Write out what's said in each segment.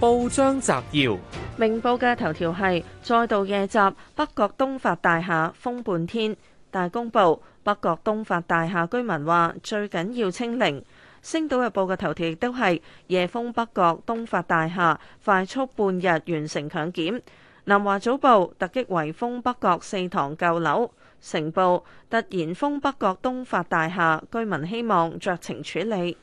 報章摘要：明報嘅頭條係，再度夜襲北角東發大廈封半天，大公報北角東發大廈居民話最緊要清零。星島日報嘅頭條亦都係夜封北角東發大廈，快速半日完成強檢。南華早報突擊圍封北角四堂舊樓，成報突然封北角東發大廈，居民希望酌情處理。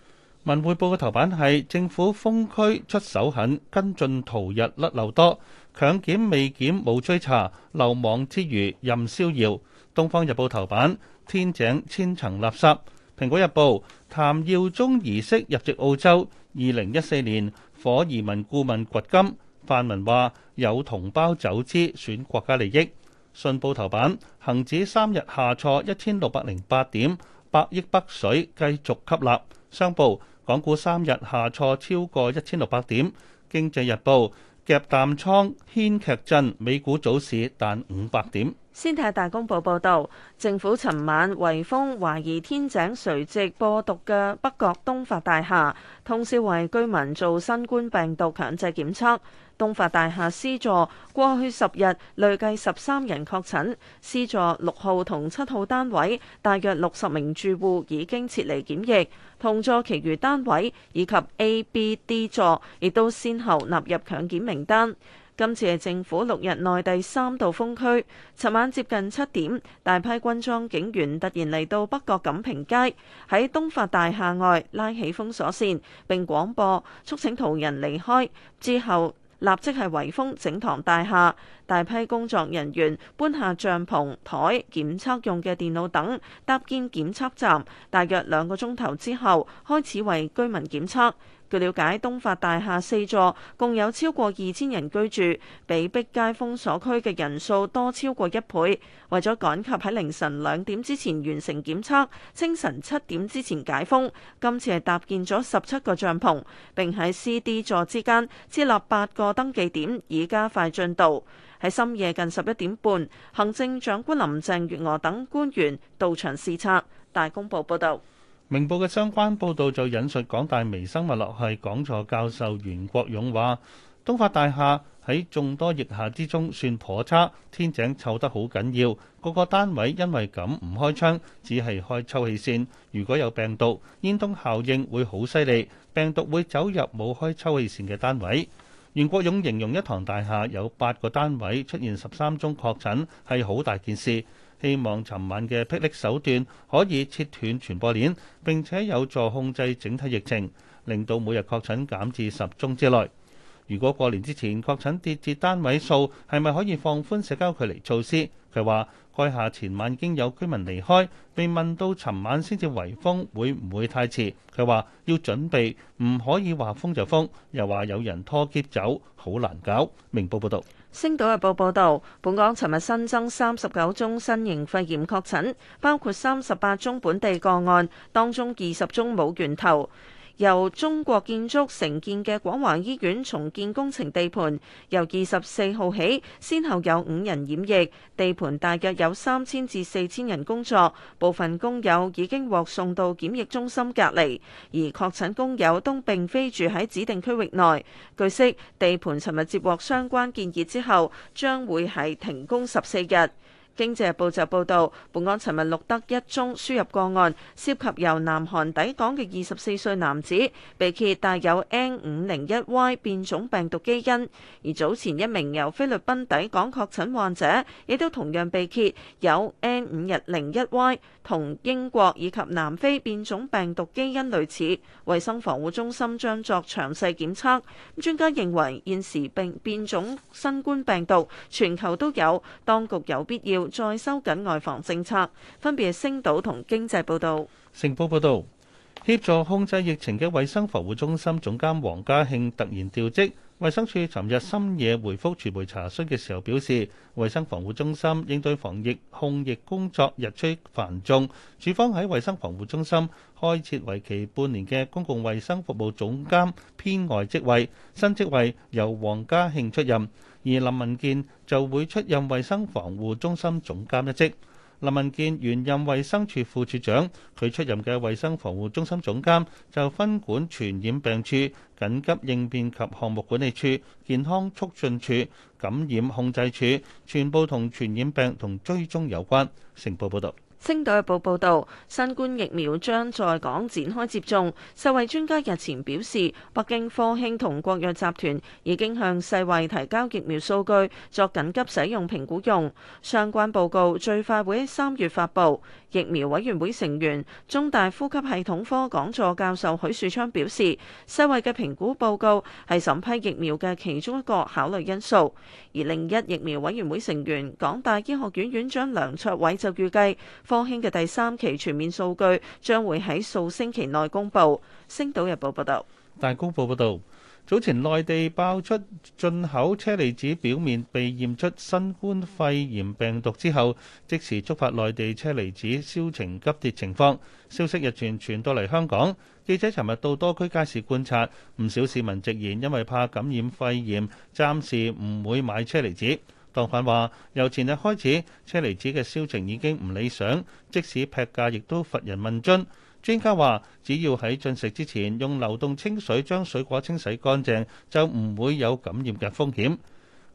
文匯報嘅頭版係政府封區出手狠，跟進逃日甩漏多，強檢未檢冇追查，漏網之餘任逍遙。《東方日報》頭版：天井千層垃圾。《蘋果日報》：譚耀宗儀式入籍澳洲，二零一四年火移民顧問掘金。泛民話有同胞走資選國家利益。《信報》頭版：恆指三日下挫一千六百零八點，百億北水繼續吸納。商報。港股三日下挫超過一千六百點，經濟日報夾淡倉牽劇震，美股早市彈五百點。先睇大公報報導，政府尋晚圍封懷疑天井垂直播毒嘅北角東發大廈，通宵為居民做新冠病毒強制檢測。東發大廈 C 座過去十日累計十三人確診，C 座六號同七號單位大約六十名住戶已經撤離檢疫，同座其餘單位以及 A、B、D 座亦都先後納入強檢名單。今次係政府六日內第三度封區。尋晚接近七點，大批軍裝警員突然嚟到北角錦屏街，喺東發大廈外拉起封鎖線，並廣播促請途人離開。之後立即係圍封整堂大廈，大批工作人員搬下帳篷、台、檢測用嘅電腦等，搭建檢測站。大約兩個鐘頭之後，開始為居民檢測。據了解，東發大廈四座共有超過二千人居住，比逼街封鎖區嘅人數多超過一倍。為咗趕及喺凌晨兩點之前完成檢測，清晨七點之前解封，今次係搭建咗十七個帳篷，並喺 C、D 座之間設立八個登記點，以加快進度。喺深夜近十一點半，行政長官林鄭月娥等官員到場視察。大公報報道。明報嘅相關報導就引述港大微生物學系講座教授袁國勇話：東發大廈喺眾多疫廈之中算頗差，天井湊得好緊要，個個單位因為咁唔開窗，只係開抽氣扇。如果有病毒，煙囪效應會好犀利，病毒會走入冇開抽氣扇嘅單位。袁國勇形容一幢大廈有八個單位出現十三宗確診係好大件事。希望尋晚嘅霹靂手段可以切斷傳播鏈，並且有助控制整體疫情，令到每日確診減至十宗之內。如果過年之前確診跌至單位數，係咪可以放寬社交距離措施？佢話：該廈前晚已經有居民離開，被問到尋晚先至圍封，會唔會太遲？佢話要準備，唔可以話封就封，又話有人拖篋走，好難搞。明報報道。星島日報報道，本港尋日新增三十九宗新型肺炎確診，包括三十八宗本地個案，當中二十宗冇源頭。由中國建築承建嘅廣華醫院重建工程地盤，由二十四號起，先後有五人染疫。地盤大約有三千至四千人工作，部分工友已經獲送到檢疫中心隔離，而確診工友都並非住喺指定區域內。據悉，地盤尋日接獲相關建議之後，將會係停工十四日。《經濟報》就報道，本港尋日錄得一宗輸入個案，涉及由南韓抵港嘅二十四歲男子，被揭帶有 N 五零一 Y 變種病毒基因。而早前一名由菲律賓抵港確診患者，亦都同樣被揭有 N 五零一 Y，同英國以及南非變種病毒基因類似。衞生防護中心將作詳細檢測。咁專家認為，現時並變種新冠病毒全球都有，當局有必要再收緊外防政策，分別係星島同經濟報道。成報報道，協助控制疫情嘅衞生防護中心總監黃家慶突然調職。衞生署昨日深夜回覆傳媒查詢嘅時候表示，衞生防護中心應對防疫控疫工作日趨繁重，處方喺衞生防護中心開設為期半年嘅公共衛生服務總監編外職位，新職位由黃家慶出任。而林文健就會出任衛生防護中心總監一職。林文健原任衛生署副署長，佢出任嘅衛生防護中心總監就分管傳染病處、緊急應變及項目管理處、健康促進處、感染控制處，全部同傳染病同追蹤有關。成報報道。《星島日報》報道，新冠疫苗將在港展開接種。世衛專家日前表示，北京科興同國藥集團已經向世衛提交疫苗數據，作緊急使用評估用。相關報告最快會喺三月發布。疫苗委員會成員、中大呼吸系統科講座教授許樹昌表示，世衛嘅評估報告係審批疫苗嘅其中一個考慮因素。而另一疫苗委員會成員、港大醫學院院長梁卓偉就預計。科興嘅第三期全面數據將會喺數星期內公布。星島日報報道。大公報報道，早前內地爆出進口車厘子表面被驗出新冠肺炎病毒之後，即時觸發內地車厘子銷情急跌情況。消息日前傳到嚟香港，記者尋日到多區街市觀察，唔少市民直言因為怕感染肺炎，暫時唔會買車厘子。檔販話：由前日開始，車厘子嘅銷情已經唔理想，即使劈價，亦都乏人問津。專家話，只要喺進食之前用流動清水將水果清洗乾淨，就唔會有感染嘅風險。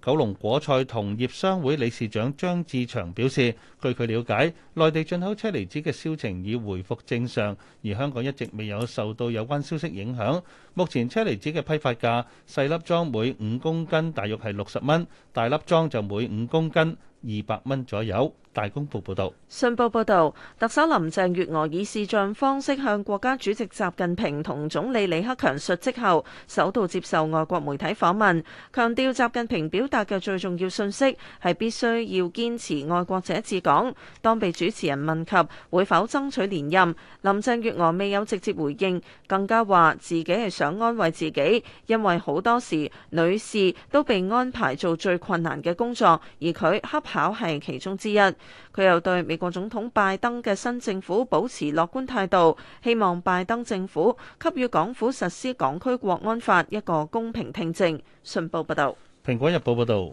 九龍果菜同業商會理事長張志祥表示，據佢了解，內地進口車厘子嘅銷情已回復正常，而香港一直未有受到有關消息影響。目前車厘子嘅批發價，細粒裝每五公斤大約係六十蚊，大粒裝就每五公斤二百蚊左右。大公報報道。信報報道，特首林鄭月娥以視像方式向國家主席習近平同總理李克強述職後，首度接受外國媒體訪問，強調習近平表達嘅最重要信息係必須要堅持愛國者治港。當被主持人問及會否爭取連任，林鄭月娥未有直接回應，更加話自己係想安慰自己，因為好多時女士都被安排做最困難嘅工作，而佢恰巧係其中之一。佢又對美國總統拜登嘅新政府保持樂觀態度，希望拜登政府給予港府實施港區國安法一個公平聽證。信報報道，《蘋果日報》報道。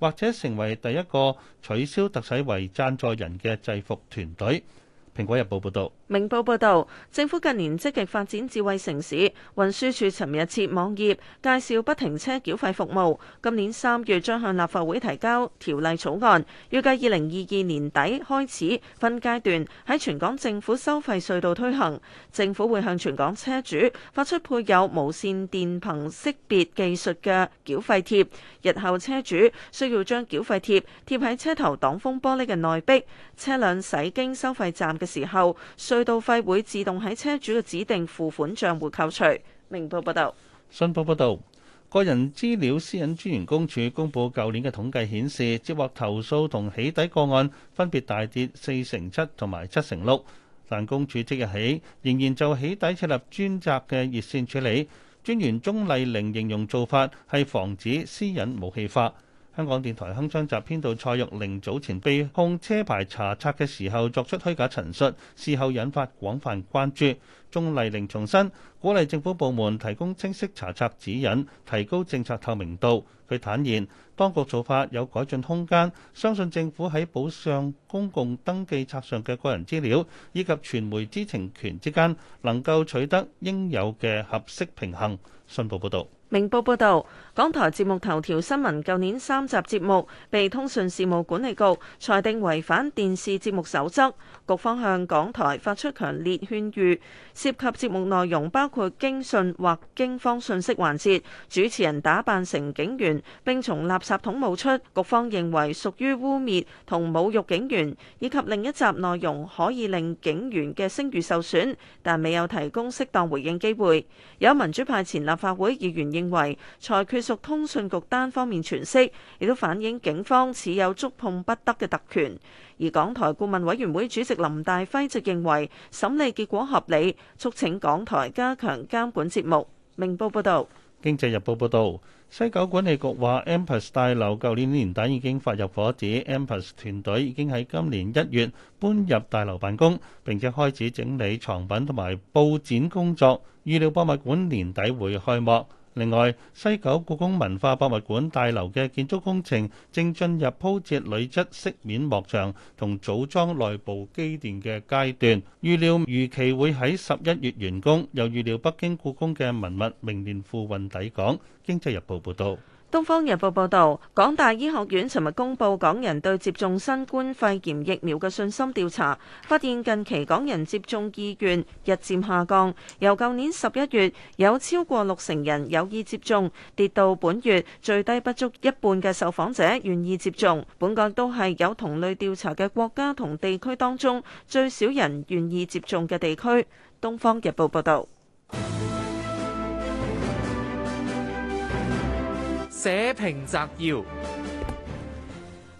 或者成為第一個取消特首為贊助人嘅制服團隊。蘋果日報報導。明報報導，政府近年積極發展智慧城市。運輸署尋日設網頁介紹不停車繳費服務。今年三月將向立法會提交條例草案，預計二零二二年底開始分階段喺全港政府收費隧道推行。政府會向全港車主發出配有無線電頻識別技術嘅繳費貼。日後車主需要將繳費貼貼喺車頭擋風玻璃嘅內壁，車輛駛經收費站嘅時候需隧道費會自動喺車主嘅指定付款賬戶扣除。明報報道，信報報道，個人資料私隱專員公署公佈舊年嘅統計顯示，接獲投訴同起底個案分別大跌四成七同埋七成六。但公署即日起仍然就起底設立專責嘅熱線處理。專員鍾麗玲形容做法係防止私隱武器化。香港電台鏗鏘集編導蔡玉玲早前被控車牌查冊嘅時候作出虛假陳述，事後引發廣泛關注。鍾麗玲重申鼓勵政府部門提供清晰查冊指引，提高政策透明度。佢坦言當局做法有改進空間，相信政府喺保障公共登記冊上嘅個人資料以及傳媒知情權之間，能夠取得應有嘅合適平衡。信報報道。明報報道，港台節目頭條新聞舊年三集節目被通訊事務管理局裁定違反電視節目守則，局方向港台發出強烈勸喻，涉及節目內容包括驚訊或驚方訊息環節，主持人打扮成警員並從垃圾桶冒出，局方認為屬於污衊同侮辱警員以及另一集內容可以令警員嘅聲譽受損，但未有提供適當回應機會，有民主派前立法會議員認認為裁決屬通訊局單方面詮釋，亦都反映警方持有觸碰不得嘅特權。而港台顧問委員會主席林大輝就認為審理結果合理，促請港台加強監管節目。明報報道，《經濟日報》報道，西九管理局話，Empress 大樓舊年年底已經發入伙紙，Empress 團隊已經喺今年一月搬入大樓辦公，並且開始整理藏品同埋佈展工作，預料博物館年底會開幕。另外，西九故宮文化博物館大樓嘅建築工程正進入鋪設鋁質飾面幕牆同組裝內部機電嘅階段，預料預期會喺十一月完工。又預料北京故宮嘅文物明年復運抵港。經濟日報報導。《東方日報》報道，港大醫學院尋日公布港人對接種新冠肺炎疫苗嘅信心調查，發現近期港人接種意願日漸下降，由舊年十一月有超過六成人有意接種，跌到本月最低不足一半嘅受訪者願意接種。本港都係有同類調查嘅國家同地區當中最少人願意接種嘅地區。《東方日報》報道。社評摘要：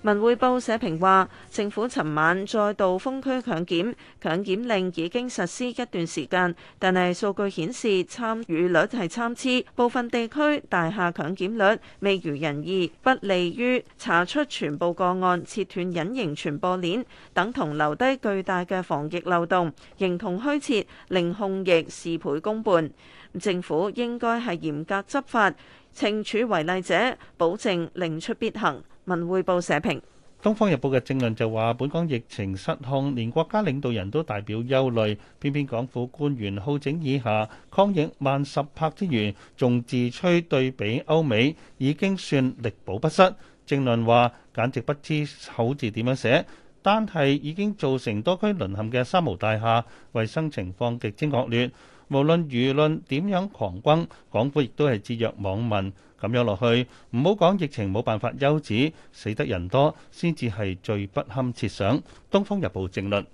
文匯報社評話，政府尋晚再度封區強檢，強檢令已經實施一段時間，但係數據顯示參與率係參差，部分地區大廈強檢率未如人意，不利於查出全部個案，切斷隱形傳播鏈，等同留低巨大嘅防疫漏洞，形同虛設，令控疫事倍功半。政府應該係嚴格執法。懲處違例者，保證令出必行。文匯報社評，《東方日報》嘅政論就話：本港疫情失控，連國家領導人都大表憂慮，偏偏港府官員好整以暇，抗疫慢十拍之餘，仲自吹對比歐美已經算力保不失。政論話簡直不知口字點樣寫，單係已經造成多區淪陷嘅三無大廈，衛生情況極之惡劣。無論輿論點樣狂轟，港府亦都係置若罔聞。咁樣落去，唔好講疫情冇辦法休止，死得人多先至係最不堪設想。《東方日報》正論。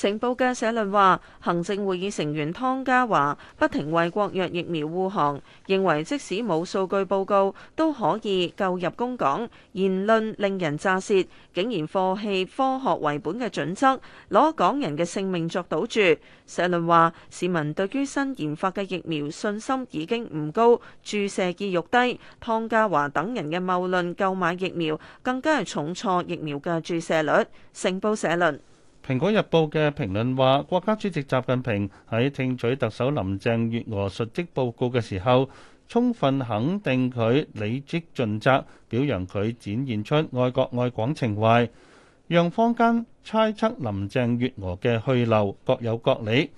成報嘅社論話，行政會議成員湯家驊不停為國藥疫苗護航，認為即使冇數據報告都可以購入公港，言論令人咋舌，竟然放棄科學為本嘅準則，攞港人嘅性命作賭注。社論話，市民對於新研發嘅疫苗信心已經唔高，注射意欲低，湯家驊等人嘅謬論購買疫苗更加係重挫疫苗嘅注射率。成報社論。《蘋果日報》嘅評論話：國家主席習近平喺聽取特首林鄭月娥述職報告嘅時候，充分肯定佢履職盡責，表揚佢展現出愛國愛港情懷，讓坊間猜測林鄭月娥嘅去留各有各理。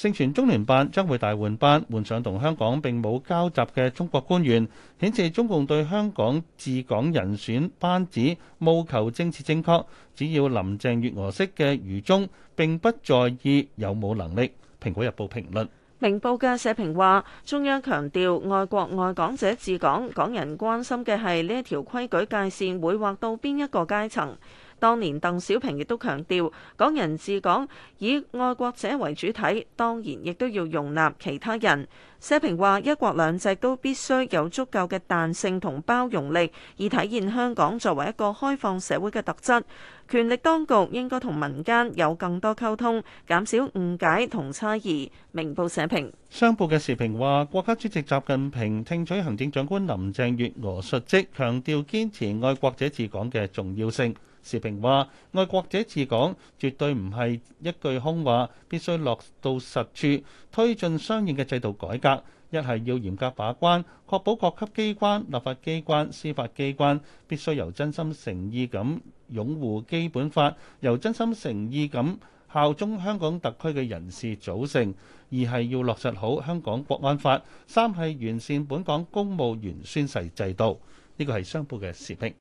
盛傳中聯辦將會大換班，換上同香港並冇交集嘅中國官員，顯示中共對香港治港人選班子務求政治正確。只要林鄭月娥式嘅愚忠，並不在意有冇能力。《蘋果日報》評論，《明報》嘅社評話：中央強調外國外港者治港，港人關心嘅係呢一條規矩界線會劃到邊一個階層。當年鄧小平亦都強調，港人治港以愛國者為主體，當然亦都要容納其他人。社評話，一國兩制都必須有足夠嘅彈性同包容力，以體現香港作為一個開放社會嘅特質。權力當局應該同民間有更多溝通，減少誤解同差異。明報社評。商報嘅時評話，國家主席習近平聽取行政長官林鄭月娥述職，強調堅持愛國者治港嘅重要性。時評話，愛國者治港絕對唔係一句空話，必須落到實處，推進相應嘅制度改革。一係要嚴格把關，確保各級機關、立法機關、司法機關必須由真心誠意咁擁護基本法、由真心誠意咁效忠香港特區嘅人士組成。二係要落實好香港國安法。三係完善本港公務員宣誓制，制度。呢個係商報嘅時評。